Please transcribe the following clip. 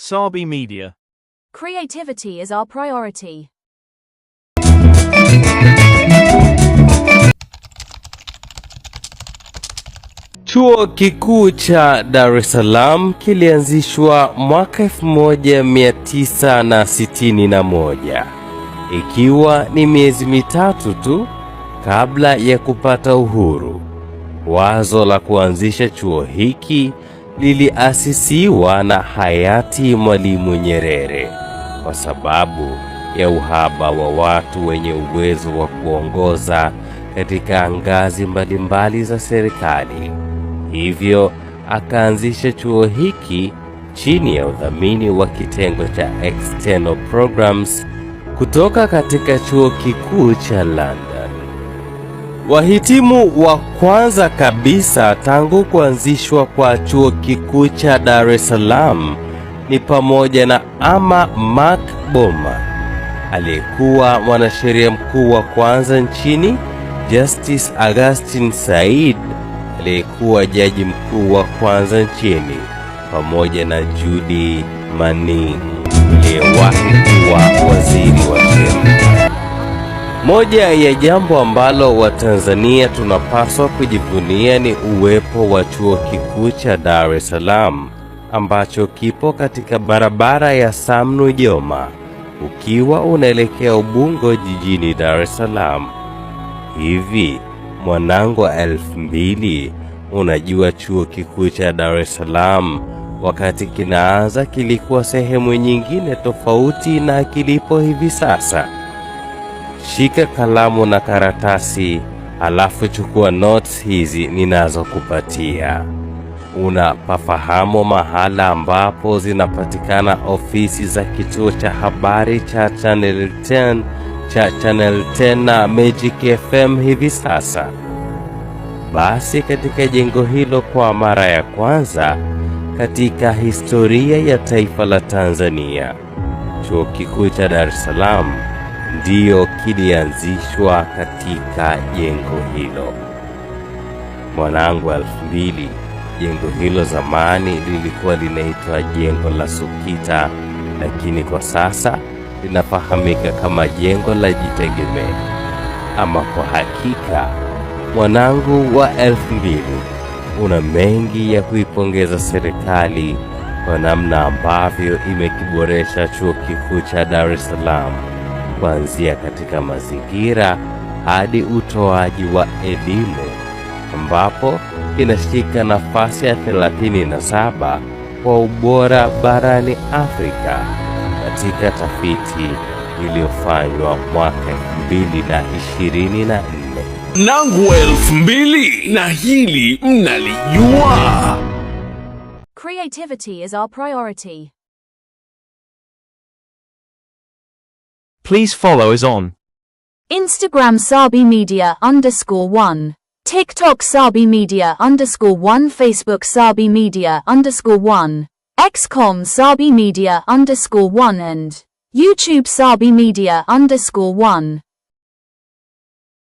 Sabi Media. Creativity is our priority. Chuo Kikuu cha Dar es Salaam kilianzishwa mwaka 1961 ikiwa ni miezi mitatu tu kabla ya kupata uhuru. Wazo la kuanzisha chuo hiki liliasisiwa na hayati Mwalimu Nyerere kwa sababu ya uhaba wa watu wenye uwezo wa kuongoza katika ngazi mbalimbali za serikali. Hivyo akaanzisha chuo hiki chini ya udhamini wa kitengo cha External Programs kutoka katika Chuo Kikuu cha London. Wahitimu wa kwanza kabisa tangu kuanzishwa kwa Chuo Kikuu cha Dar es Salaam ni pamoja na Ama Mak Boma aliyekuwa mwanasheria mkuu wa kwanza nchini, Justice Augustine Said aliyekuwa jaji mkuu wa kwanza nchini, pamoja na Judy Manning aliyewahi kuwa waziri wa sheria. Moja ya jambo ambalo Watanzania tunapaswa kujivunia ni uwepo wa Chuo Kikuu cha Dar es Salaam ambacho kipo katika barabara ya Sam Nujoma ukiwa unaelekea Ubungo jijini Dar es Salaam. Hivi mwanangu wa elfu mbili, unajua Chuo Kikuu cha Dar es Salaam wakati kinaanza kilikuwa sehemu nyingine tofauti na kilipo hivi sasa shika kalamu na karatasi, alafu chukua notes hizi ninazokupatia. pafahamo mahala ambapo zinapatikana ofisi za kituo cha habari cha Channel 10 cha Channel 10 na Magic FM hivi sasa? Basi katika jengo hilo kwa mara ya kwanza katika historia ya taifa la Tanzania, Chuo Kikuu cha Dar es Salaam ndiyo kilianzishwa katika jengo hilo mwanangu elfu mbili. Jengo hilo zamani lilikuwa linaitwa jengo la Sukita, lakini kwa sasa linafahamika kama jengo la Jitegemee. Ama kwa hakika, mwanangu wa elfu mbili, una mengi ya kuipongeza serikali kwa namna ambavyo imekiboresha chuo kikuu cha Dar es Salaam kuanzia katika mazingira hadi utoaji wa elimu, ambapo inashika nafasi ya 37 kwa ubora barani Afrika katika tafiti iliyofanywa mwaka 2024 nangu elfu mbili na hili mnalijua. Creativity is our priority. Please follow us on Instagram Sabi Media underscore 1. TikTok Sabi Media underscore 1. Facebook Sabi Media underscore 1. XCOM Sabi Media underscore 1 and YouTube Sabi Media underscore 1.